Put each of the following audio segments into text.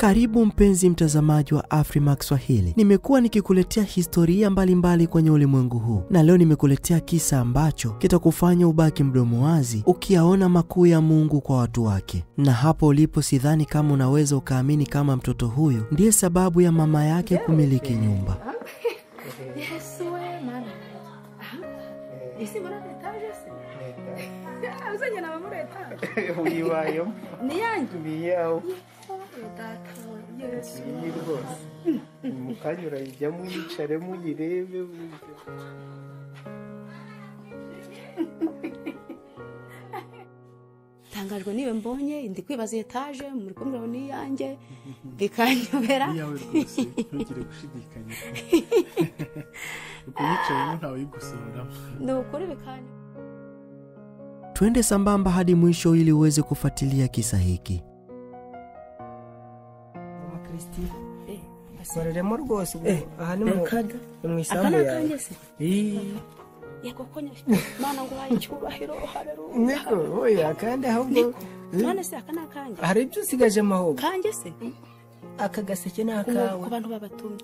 Karibu mpenzi mtazamaji wa Afrimax Swahili. Nimekuwa nikikuletea historia mbalimbali mbali kwenye ulimwengu huu, na leo nimekuletea kisa ambacho kitakufanya ubaki mdomo wazi ukiyaona makuu ya Mungu kwa watu wake. Na hapo ulipo, sidhani kama unaweza ukaamini kama mtoto huyu ndiye sababu ya mama yake kumiliki nyumba data yesu iyi rwose mu kanya urayijyamo uyicaremo uyirebe ntangajwe mbonye ndi kwibaza etaje muri kumwe bikanyobera iyawe rwose ntugire gushidikanya ntawe ni ukuri bikanyobera twende sambamba hadi mwisho ili uweze kufuatilia kisa hiki fesitivu eh, bararemo rwose eh, aha ni mu isambu yawe yego ko mana ngo icyubahiro niko oya kandi ahubwo none eh? se aka ni akanjye hari ibyo usigaje amahoro kanjye se hmm? aka gaseke ni akawe ku bantu babatumye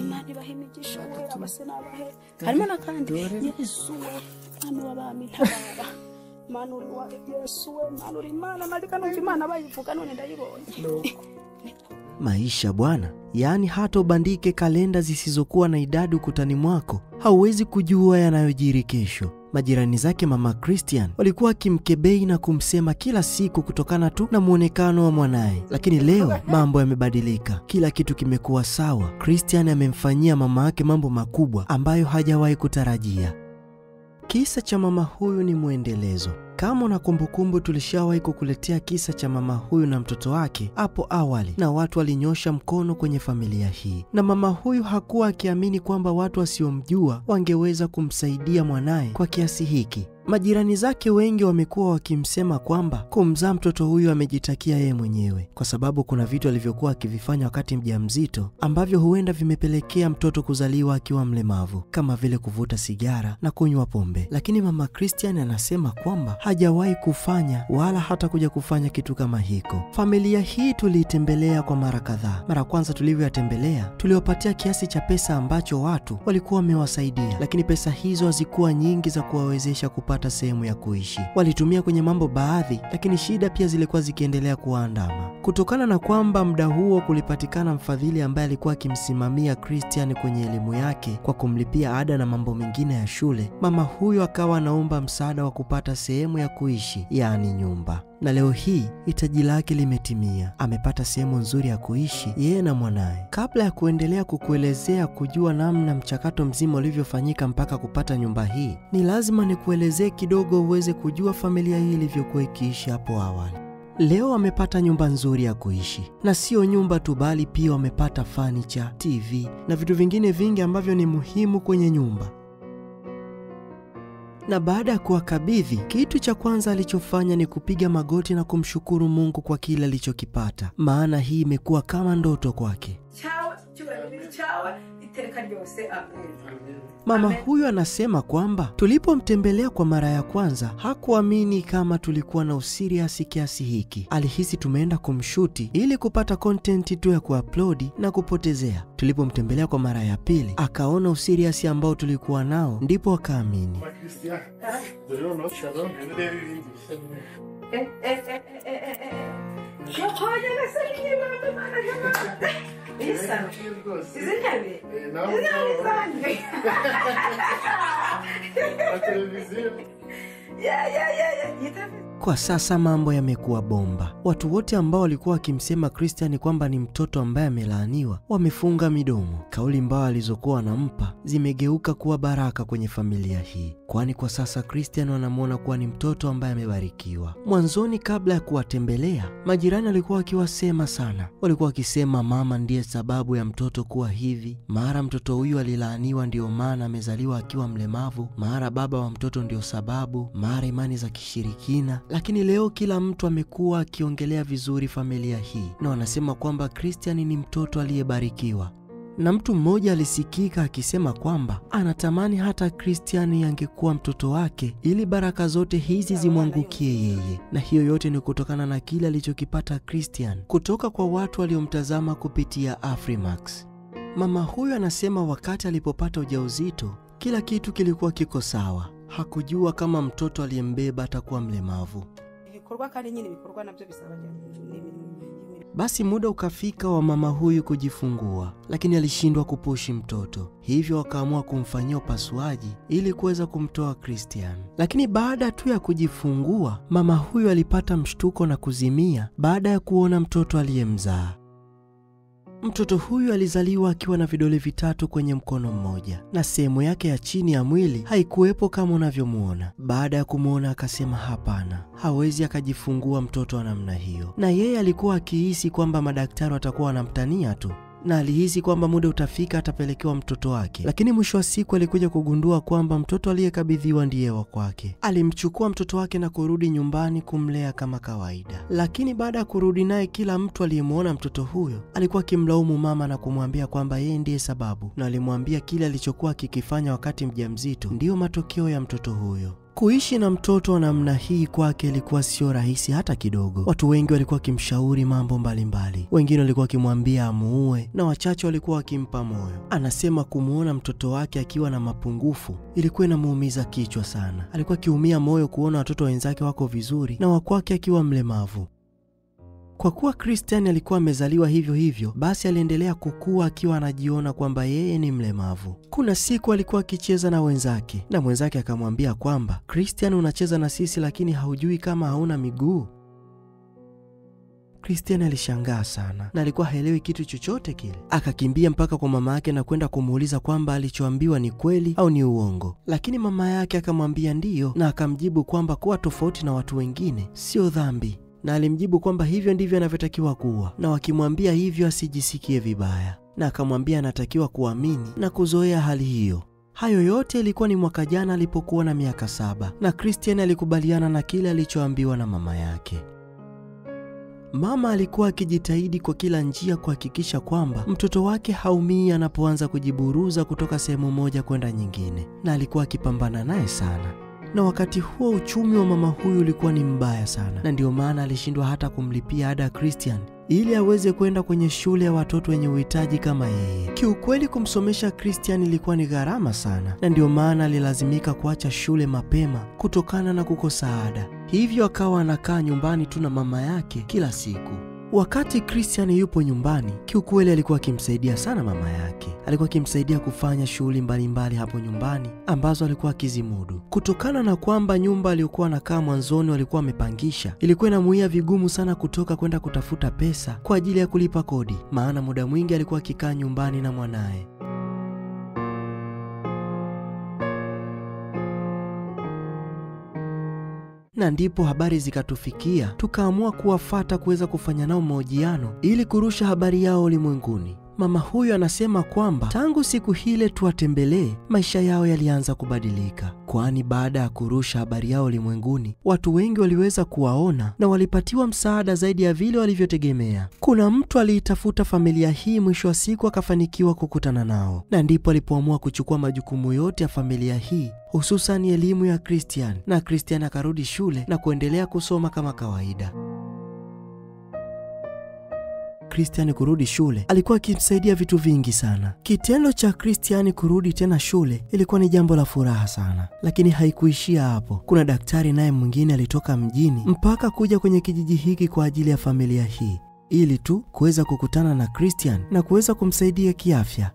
imana ibaha imigisha wowe abase n'abahe harimo n'akandi yesu we w'abami ntabara mwana uri wa yesu mwana uri imana naryo kanumva imana bayivuga none ndayibonye maisha bwana. Yaani hata ubandike kalenda zisizokuwa na idadi ukutani mwako, hauwezi kujua yanayojiri kesho. Majirani zake mama Christian walikuwa akimkebei na kumsema kila siku kutokana tu na mwonekano wa mwanaye, lakini leo mambo yamebadilika, kila kitu kimekuwa sawa. Christian amemfanyia mama yake mambo makubwa ambayo hajawahi kutarajia. Kisa cha mama huyu ni mwendelezo. Kama na kumbukumbu, tulishawahi kukuletea kisa cha mama huyu na mtoto wake hapo awali, na watu walinyosha mkono kwenye familia hii, na mama huyu hakuwa akiamini kwamba watu wasiomjua wangeweza kumsaidia mwanaye kwa kiasi hiki. Majirani zake wengi wamekuwa wakimsema kwamba kumzaa mtoto huyu amejitakia yeye mwenyewe, kwa sababu kuna vitu alivyokuwa akivifanya wakati mjamzito ambavyo huenda vimepelekea mtoto kuzaliwa akiwa mlemavu, kama vile kuvuta sigara na kunywa pombe. Lakini mama Christian anasema kwamba hajawahi kufanya wala hata kuja kufanya kitu kama hiko. Familia hii tuliitembelea kwa mara kadhaa. Mara kwanza tulivyoyatembelea, tuliwapatia kiasi cha pesa ambacho watu walikuwa wamewasaidia, lakini pesa hizo hazikuwa nyingi za kuwawezesha kupata kupata sehemu ya kuishi. Walitumia kwenye mambo baadhi, lakini shida pia zilikuwa zikiendelea kuwaandama. Kutokana na kwamba muda huo kulipatikana mfadhili ambaye alikuwa akimsimamia Christian kwenye elimu yake kwa kumlipia ada na mambo mengine ya shule, mama huyo akawa anaomba msaada wa kupata sehemu ya kuishi, yaani nyumba na leo hii hitaji lake limetimia. Amepata sehemu nzuri ya kuishi yeye na mwanaye. Kabla ya kuendelea kukuelezea kujua namna mchakato mzima ulivyofanyika mpaka kupata nyumba hii, ni lazima nikuelezee kidogo uweze kujua familia hii ilivyokuwa ikiishi hapo awali. Leo wamepata nyumba nzuri ya kuishi, na sio nyumba tu, bali pia wamepata fanicha, TV na vitu vingine vingi ambavyo ni muhimu kwenye nyumba na baada ya kuwakabidhi, kitu cha kwanza alichofanya ni kupiga magoti na kumshukuru Mungu kwa kile alichokipata, maana hii imekuwa kama ndoto kwake mama huyu anasema kwamba tulipomtembelea kwa mara ya kwanza hakuamini kama tulikuwa na usiriasi kiasi hiki alihisi tumeenda kumshuti ili kupata kontenti tu ya kuaplodi na kupotezea tulipomtembelea kwa mara ya pili akaona usiriasi ambao tulikuwa nao ndipo akaamini kwa sasa mambo yamekuwa bomba. Watu wote ambao walikuwa wakimsema Christian kwamba ni mtoto ambaye amelaaniwa wamefunga midomo. Kauli mbaya alizokuwa wanampa zimegeuka kuwa baraka kwenye familia hii kwani kwa sasa Christian wanamuona kuwa ni mtoto ambaye amebarikiwa. Mwanzoni, kabla ya kuwatembelea, majirani walikuwa wakiwasema sana, walikuwa wakisema mama ndiye sababu ya mtoto kuwa hivi, mara mtoto huyu alilaaniwa ndiyo maana amezaliwa akiwa mlemavu, mara baba wa mtoto ndiyo sababu, mara imani za kishirikina. Lakini leo kila mtu amekuwa akiongelea vizuri familia hii na wanasema kwamba Christian ni mtoto aliyebarikiwa na mtu mmoja alisikika akisema kwamba anatamani hata Kristiani angekuwa mtoto wake ili baraka zote hizi zimwangukie yeye, na hiyo yote ni kutokana na kile alichokipata kristian kutoka kwa watu waliomtazama kupitia Afrimax. Mama huyo anasema wakati alipopata ujauzito kila kitu kilikuwa kiko sawa, hakujua kama mtoto aliyembeba atakuwa mlemavu. Basi muda ukafika wa mama huyu kujifungua, lakini alishindwa kupushi mtoto, hivyo wakaamua kumfanyia upasuaji ili kuweza kumtoa Christian. Lakini baada tu ya kujifungua, mama huyu alipata mshtuko na kuzimia baada ya kuona mtoto aliyemzaa. Mtoto huyu alizaliwa akiwa na vidole vitatu kwenye mkono mmoja na sehemu yake ya chini ya mwili haikuwepo kama unavyomwona Baada ya kumwona akasema, hapana, hawezi akajifungua mtoto wa namna hiyo, na yeye alikuwa akihisi kwamba madaktari watakuwa wanamtania tu, na alihisi kwamba muda utafika atapelekewa mtoto wake, lakini mwisho wa siku alikuja kugundua kwamba mtoto aliyekabidhiwa ndiye wa kwake. Alimchukua mtoto wake na kurudi nyumbani kumlea kama kawaida, lakini baada ya kurudi naye, kila mtu aliyemwona mtoto huyo alikuwa akimlaumu mama na kumwambia kwamba yeye ndiye sababu, na alimwambia kile alichokuwa akikifanya wakati mjamzito ndiyo matokeo ya mtoto huyo. Kuishi na mtoto wa namna hii kwake ilikuwa sio rahisi hata kidogo. Watu wengi walikuwa wakimshauri mambo mbalimbali mbali. Wengine walikuwa wakimwambia amuue na wachache walikuwa wakimpa moyo. Anasema kumwona mtoto wake akiwa na mapungufu ilikuwa inamuumiza kichwa sana. Alikuwa akiumia moyo kuona watoto wenzake wako vizuri na wakwake akiwa mlemavu. Kwa kuwa Christian alikuwa amezaliwa hivyo hivyo, basi aliendelea kukua akiwa anajiona kwamba yeye ni mlemavu. Kuna siku alikuwa akicheza na wenzake na mwenzake akamwambia kwamba Christian, unacheza na sisi lakini haujui kama hauna miguu. Christian alishangaa sana na alikuwa haelewi kitu chochote kile. Akakimbia mpaka kwa mama yake na kwenda kumuuliza kwamba alichoambiwa ni kweli au ni uongo, lakini mama yake akamwambia ndiyo, na akamjibu kwamba kuwa tofauti na watu wengine sio dhambi na alimjibu kwamba hivyo ndivyo anavyotakiwa kuwa, na wakimwambia hivyo asijisikie vibaya, na akamwambia anatakiwa kuamini na kuzoea hali hiyo. Hayo yote ilikuwa ni mwaka jana alipokuwa na miaka saba, na Christian alikubaliana na kile alichoambiwa na mama yake. Mama alikuwa akijitahidi kwa kila njia kuhakikisha kwamba mtoto wake haumii anapoanza kujiburuza kutoka sehemu moja kwenda nyingine, na alikuwa akipambana naye sana na wakati huo uchumi wa mama huyu ulikuwa ni mbaya sana, na ndiyo maana alishindwa hata kumlipia ada ya Christian ili aweze kwenda kwenye shule ya watoto wenye uhitaji kama yeye. Kiukweli, kumsomesha Christian ilikuwa ni gharama sana, na ndiyo maana alilazimika kuacha shule mapema kutokana na kukosa ada. Hivyo akawa anakaa nyumbani tu na mama yake kila siku. Wakati Christian yupo nyumbani, kiukweli alikuwa akimsaidia sana mama yake. Alikuwa akimsaidia kufanya shughuli mbalimbali hapo nyumbani ambazo alikuwa akizimudu. Kutokana na kwamba nyumba aliyokuwa anakaa mwanzoni walikuwa wamepangisha, ilikuwa inamuia vigumu sana kutoka kwenda kutafuta pesa kwa ajili ya kulipa kodi, maana muda mwingi alikuwa akikaa nyumbani na mwanaye. na ndipo habari zikatufikia, tukaamua kuwafata kuweza kufanya nao mahojiano ili kurusha habari yao ulimwenguni. Mama huyo anasema kwamba tangu siku hile tuwatembelee, maisha yao yalianza kubadilika, kwani baada ya kurusha habari yao ulimwenguni, watu wengi waliweza kuwaona na walipatiwa msaada zaidi ya vile walivyotegemea. Kuna mtu aliitafuta familia hii, mwisho wa siku akafanikiwa kukutana nao, na ndipo alipoamua kuchukua majukumu yote ya familia hii hususan elimu ya Christian, na Christian akarudi shule na kuendelea kusoma kama kawaida. Christian kurudi shule alikuwa akimsaidia vitu vingi sana. Kitendo cha Christian kurudi tena shule ilikuwa ni jambo la furaha sana, lakini haikuishia hapo. Kuna daktari naye mwingine alitoka mjini mpaka kuja kwenye kijiji hiki kwa ajili ya familia hii ili tu kuweza kukutana na Christian na kuweza kumsaidia kiafya.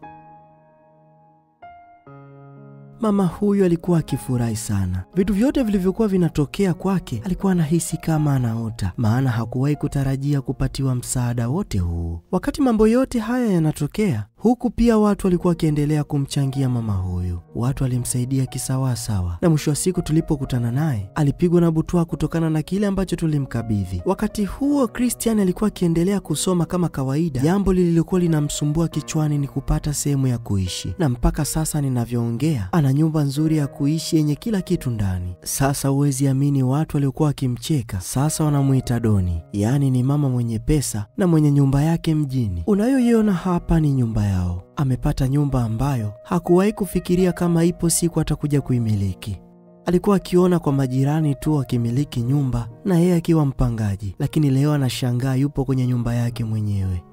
Mama huyu alikuwa akifurahi sana. Vitu vyote vilivyokuwa vinatokea kwake alikuwa anahisi kama anaota, maana hakuwahi kutarajia kupatiwa msaada wote huu. Wakati mambo yote haya yanatokea, Huku pia watu walikuwa wakiendelea kumchangia mama huyu, watu walimsaidia kisawasawa, na mwisho wa siku tulipokutana naye alipigwa na butwa kutokana na kile ambacho tulimkabidhi. Wakati huo Christian alikuwa akiendelea kusoma kama kawaida. Jambo lililokuwa linamsumbua kichwani ni kupata sehemu ya kuishi, na mpaka sasa ninavyoongea ana nyumba nzuri ya kuishi yenye kila kitu ndani. Sasa huwezi amini, watu waliokuwa wakimcheka sasa wanamuita Doni, yaani ni mama mwenye pesa na mwenye nyumba yake mjini. Unayoiona hapa ni nyumba yao. Amepata nyumba ambayo hakuwahi kufikiria kama ipo siku atakuja kuimiliki. Alikuwa akiona kwa majirani tu akimiliki nyumba na yeye akiwa mpangaji, lakini leo anashangaa yupo kwenye nyumba yake mwenyewe,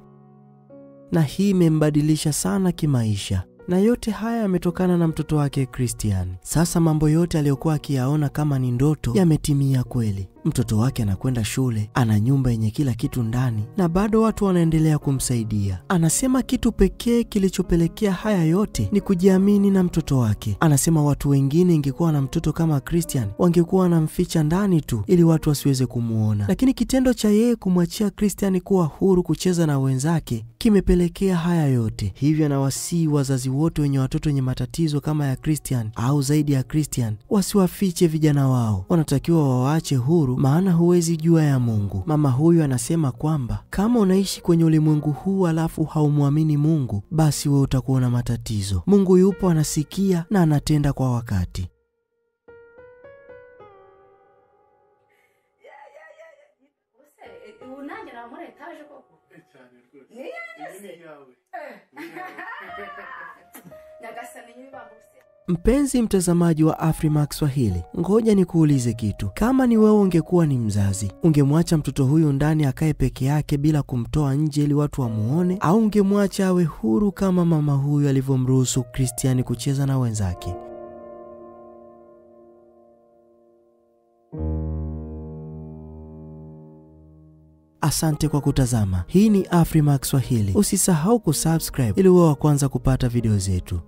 na hii imembadilisha sana kimaisha na yote haya yametokana na mtoto wake Christian. Sasa mambo yote aliyokuwa akiyaona kama ni ndoto yametimia kweli mtoto wake anakwenda shule, ana nyumba yenye kila kitu ndani, na bado watu wanaendelea kumsaidia. Anasema kitu pekee kilichopelekea haya yote ni kujiamini na mtoto wake. Anasema watu wengine, ingekuwa na mtoto kama Christian, wangekuwa wanamficha ndani tu ili watu wasiweze kumwona, lakini kitendo cha yeye kumwachia Christian kuwa huru kucheza na wenzake kimepelekea haya yote. Hivyo anawasihi wazazi wote wenye watoto wenye matatizo kama ya Christian au zaidi ya Christian wasiwafiche vijana wao, wanatakiwa wawaache huru kushukuru, maana huwezi jua ya Mungu. Mama huyu anasema kwamba kama unaishi kwenye ulimwengu huu alafu haumwamini Mungu, basi wewe utakuwa na matatizo. Mungu yupo, anasikia na anatenda kwa wakati. Eh. nyagasani nyumba mbuse Mpenzi mtazamaji wa Afrimax Swahili, ngoja nikuulize kitu. Kama ni wewe ungekuwa ni mzazi, ungemwacha mtoto huyu ndani akae peke yake bila kumtoa nje ili watu wamuone, au ungemwacha awe huru kama mama huyu alivyomruhusu Kristiani kucheza na wenzake? Asante kwa kutazama. Hii ni Afrimax Swahili. Usisahau kusubscribe ili uwe wa kwanza kupata video zetu.